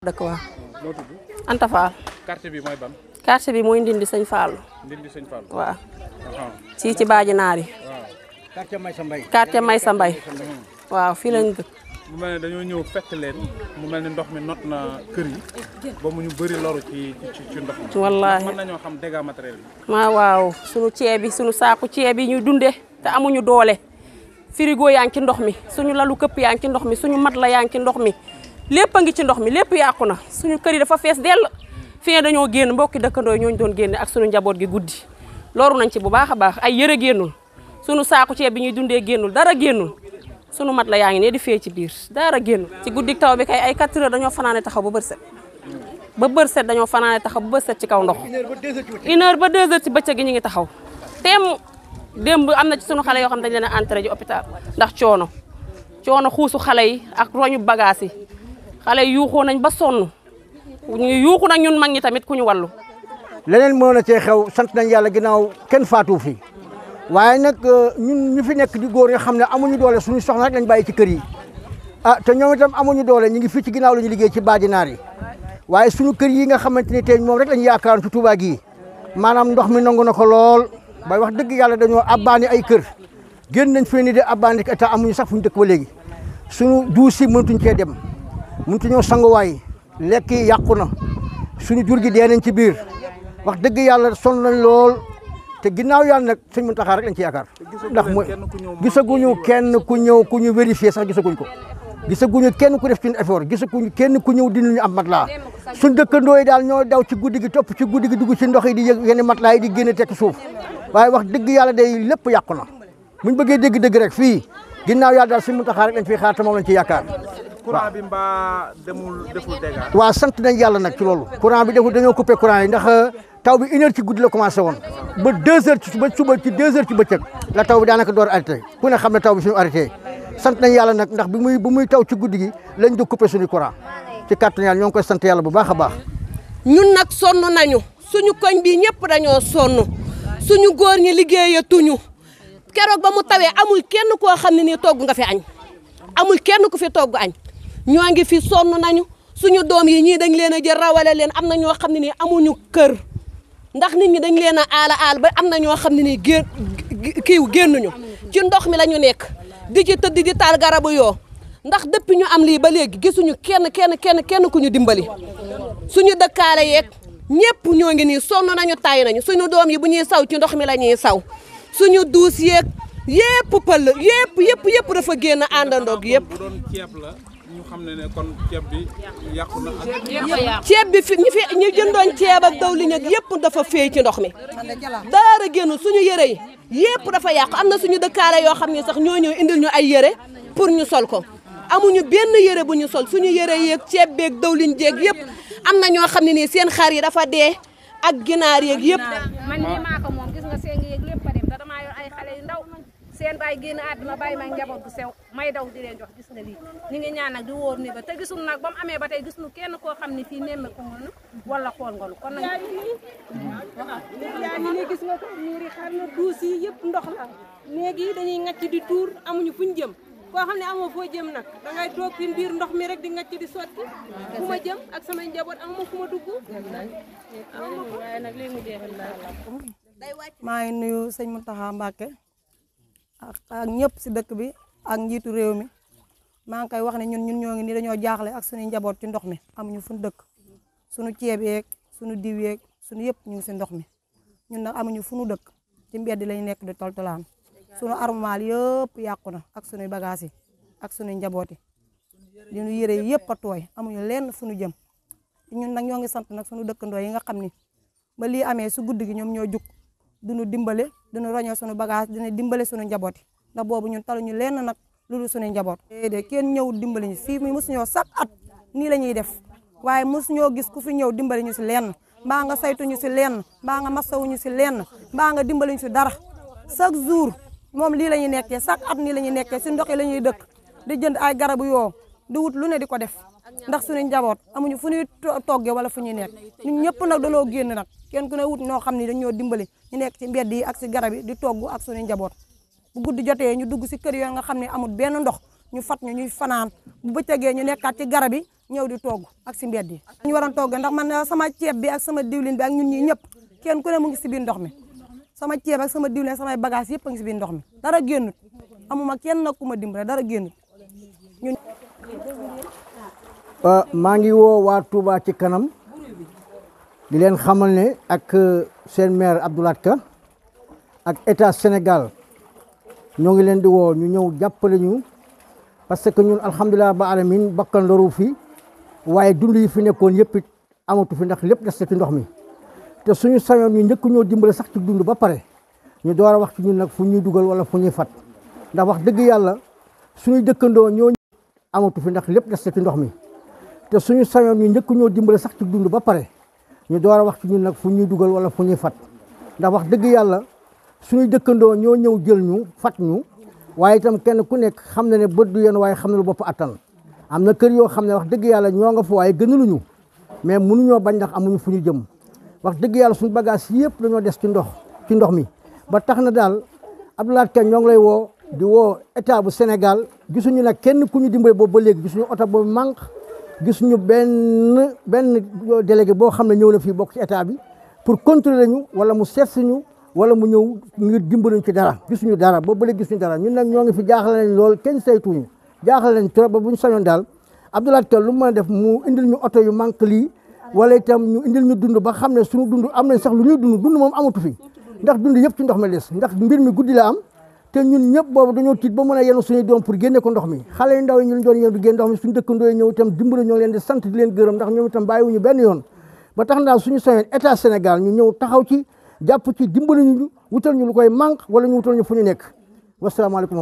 dëkk waa Anta Fall. quartier bi mooy ban. quartier bi mooy Ndindi sañ Fall. Ndindi Sëñ Fall waaw. sii ci baaji naar yi. waaw quartier Maysa Mbaye. mbay Maysa Mbaye. waaw fii lañ dëkk. mu mel ne dañoo ñëw fekk leen mu mel ne ndox mi not na kër yi ba mu ñu bëri loru ci ndox mi. wallaahi mën nañoo xam dégâts matériels yi. ma waaw sunu ceeb bi sunu saaku ceeb yi ñu dundee te amuñu doole. frigo yaa ci ndox mi suñu lalu këpp yaa ngi ci ndox mi suñu mat la yaa ci ndox mi. lépp a ngi ci ndox mi lépp yàqu na suñu kër yi dafa fees dell fi dañoo génn mbokki dëkkandoo ñooñu doon génne ak suñu njaboot gi guddi loru nañ ci bu baax a baax ay yëre génnul suñu saaku ceeb bi ñuy dundee génnul dara génnul suñu mat la yaa ngi ne di fee ci biir dara génnul ci guddi taw bi kay ay 4 heures dañoo fanaane taxaw ba bër set ba bër set dañoo fanaane taxaw ba bër ci kaw ndox une ba deux ci bëccëg gi ñu ngi taxaw teem démb am na ci suñu xale yoo xam dañ leen a entré ji hôpital ndax coono coono xuusu xale yi ak roñu bagage yi xale yuuxoo nañ ba sonn ñu yuuxu nag ñun mag ñi tamit ku ñu wàllu. leneen moo na cee xew sant nañ yàlla ginnaaw kenn faatu fi waaye nag euh, ñun ñu fi nekk di góor ñoo xam ne amuñu doole suñu soxna rek bàyyi ci kër yi ah te ñoom itam amuñu doole ñu ngi fii ci ginnaaw la ñu liggéey ci baajinaar yi waaye suñu kër yi nga xamante ni tey moom rek lañ yaakaaroon ci Touba gii maanaam ndox mi nangu na ko lool bay wax dëgg yàlla dañoo abbaani ay kër génn nañ fii ni di abbaani état amuñu sax fu ñu dëkk ba léegi suñu duus si mënatuñ cee dem mënut ñoo sanguwaay lekk yi yàqu na suñu jur gi dee nañ ci biir wax dëgg yàlla sonn nañ lool te ginnaaw yàlla nag sëñ Muntaxa rek lañ ci yaakaar ndax mooy gisaguñu kenn ku ñëw ku ñu vérifier sax gisaguñ ko gisaguñu kenn ku def ci effort gisaguñu kenn ku ñëw dindi ñu am matelas suñ dëkkandoo yi daal ñooy daw ci guddi gi topp ci guddi gi dugg ci ndox yi di yëg yenn matelas yi di génne tekki suuf waaye wax dëgg yàlla day lépp yàqu na muñ bëggee dëgg dëgg rek fii ginnaaw yàlla daal sëñ lañ fiy xaar te moom ci yaakaar courant bi mbaa demul deful dégâts. waaw sant nañ yàlla nag ci loolu. courant bi deful dañoo coupé courant yi ndax euh, taw bi une heure ci guddi la commencé woon ba deux heures ci ba suba ci deux ci bëccëg la taw bi daanaka door arrêté ku ne xam ne taw bi suñu arrêté sant nañ yàlla nag ndax bi muy bu muy taw ci guddi gi lañ di coupé suñu courant ci kàttan yàlla ñoo ngi koy sant yàlla bu baax a baax. ñun nag sonn nañu suñu koñ bi ñëpp dañoo sonn suñu góor ñi liggéey liggéeyatuñu keroog ba mu tawee amul kenn koo xam ne nii togg nga fi añ amul kenn ku fi togg añ ñoo ngi fi sonn nañu suñu doom yi ñii dañ leen a jël rawale leen am na ñoo xam ne nii amuñu kër ndax nit ñi dañ leen a aala aal ba am na ñoo xam ne nii gén kiiw génnuñu ci ndox mi la ñu nekk di ci tëdd di taal garabu yoo ndax depuis ñu am lii ba léegi gisuñu kenn kenn kenn kenn ku ñu dimbali suñu dëkkaale yeeg ñëpp ñoo ngi nii sonn nañu tay nañu suñu doom yi bu ñu saw ci ndox mi la ñuy saw suñu duus yeeg yëpp pël yëpp yëpp yëpp dafa génn àndandoog yëpp xam ne ceeb bi yàqu na ak ceeb bi fi ñu fi ñu jëndoon ceeb ak yëpp dafa féey ci ndox mi dara génn suñu yére yi yëpp dafa yàqu am na suñu dëkkaale yoo xam ne sax ñoo ñëw indil ñu ay yére pour ñu sol ko amuñu benn yére bu ñu sol suñu yére yeeg ceeb beeg dawlin jeeg yëpp am na ñoo xam ne nii seen xar yi dafa dee ak ginaar yeeg yëpp ngeen bay génn aduna bay may njabot gu sew may daw di len jox gis nga li ñu ngi ñaan nak di wor ni ba te gisul nak bam amé batay ba gis nu kenn ko xamni fi fii ko nga wala xool ngol kon nak yaa ni gis nga ko miir yi xar na duus yi ndox la néeg dañuy ngacc di tour amuñu fuñu jëm. ko xamni amo fo jëm nak da ngay tok fi biir ndox mi rek di ngacc di soti kuma jëm ak samay njaboot amuma fu ma day wacc may nuyu seigne Mountakha mbake ak ñëpp si dëkk bi ak njiitu réew mi maa ngi koy wax ne ñun ñun ñoo ngi ni dañoo jaaxle ak suñu njaboot ci ndox mi amuñu fu dëkk suñu ceeb yeeg suñu diw yeeg suñu yëpp ñu ngi si ndox mi ñun nag amuñu fu nu dëkk ci mbedd lañu nekk di toltolaan suñu armoire yëpp yàqu na ak suñu bagage yi ak suñu njaboot di li ñu yëpp a tooy amuñu lenn fu nu jëm ñun nag ñoo ngi sant nag suñu dëkkandoo yi nga xam ni ba lii amee su guddi gi ñoom ñoo jug duñu dimbale duñu roñoo suñu bagage dina dimbale suñu njaboot ndax boobu ñun taluñu lenn nag loolu suñu njaboot. déedéet kenn ñëw dimbali ñu fii mu mosuñoo sax at nii la ñuy def waaye mosuñoo gis ku fi ñëw dimbali ñu si lenn mbaa nga saytuñu si lenn mbaa nga masawuñu si lenn mbaa nga dimbali ñu si dara chaque jour moom lii la ñuy nekkee chaque at nii la ñuy nekkee si ndox yi la ñuy dëkk di jënd ay garabu yoo di wut lu ne di ko def ndax suñu njaboot amuñu fu ñuy toggee wala fu ñuy nekk ñun ñëpp nag dañoo génn nag kenn ku ne wut noo xam ne dañoo dimbali ñu nekk ci mbedd yi ak si garab yi di togg ak suñu njaboot bu guddi jotee ñu dugg ci kër yo ya nga xamné ne amul benn ndox ñu fat ñu ñuy fanaan bu bëccëgee ñu nekkat ci garab yi ñew di togg ak ci mbéddi ñu waroon togg ndax man eh, sama ceeb bi ak sama diwlin bi ak ñun ñi ñëpp kenn ku ne mu ngi ci biir ndox mi sama ceeb ak sama diwlin sama bagage yépp ngi ci biir ndox mi dara génnut amuma kenn nag ku ma dara génnut ñun ma ngi wo wa Touba ci kanam di len xamal ne ak eh, sen maire ak état Sénégal ñoo ngi leen di woo ñu ñëw jàppale ñu parce que ñun alhamdulilah ba alamin bakkan loru fi waaye dund yi fi nekkoon yëpp it amatu fi ndax lépp des na ndox mi te suñu sañoon ñu njëkk ñoo dimbale sax ci dund ba pare ñu door a wax ci ñun nag fu ñuy dugal wala fu ndax wax dëgg yàlla suñu dëkkandoo ñoo amatu fi ndax lépp des ndox mi te suñu sañoon ñu njëkk ñoo dimbale sax ci dund ba pare ñu door a wax ci ñun nag fu ñuy dugal wala fu ñuy fat ndax wax dëgg yàlla suñuy dëkkandoo ñoo ñëw jël ñu fat ñu waaye itam kenn ku nekk xam na ne bët du yen waaye xam na lu bopp attan am na kër yoo xam ne wax dëgg yàlla ñoo nga fa waaye ñu mais munuñoo bañ ndax amuñu fu ñu jëm wax dëgg yàlla suñu bagage yëpp dañoo des ci ndox ci ndox mi ba tax na daal Abdou Lahad Ka ñoo ngi lay woo di woo état bu Sénégal gisuñu nag kenn ku ñu dimbale boobu ba léegi gisuñu oto bu manque gisuñu benn benn délégué boo xam ne ñëw na fii bokk ci état bi pour contrôler ñu wala mu seet suñu wala mu ñëw ngir dimbaluñ ci dara gisuñu dara ba bële gisuñu dara ñun nag ñoo ngi fi jaaxal nañ lool kenn saytuñu jaaxal nañ trop ba buñ sañoon daal Abdoulaye Tall lu mu mën a def mu indil ñu oto yu manque lii wala itam ñu indil ñu dund ba xam ne suñu dund am nañ sax lu ñuy dund dund moom amatu fi ndax dund yëpp ci ndox mi des ndax mbir mi guddi la am te ñun ñëpp boobu dañoo tiit ba mën a yenu suñuy doom pour génne ko ndox mi xale yu ndaw yi ñu leen doon yenu di génn ndox mi suñu dëkkandoo yi ñëw itam dimbali ñoo leen di sant di leen gërëm ndax ñoom itam bàyyiwuñu yoon ba tax naa suñu sañoon état Sénégal ñu ñëw taxaw ci jàpp ci dimbali ñu wutal ñu lu koy manque wala ñu wutal ñu fu ñu nekk wasalaamaaleykum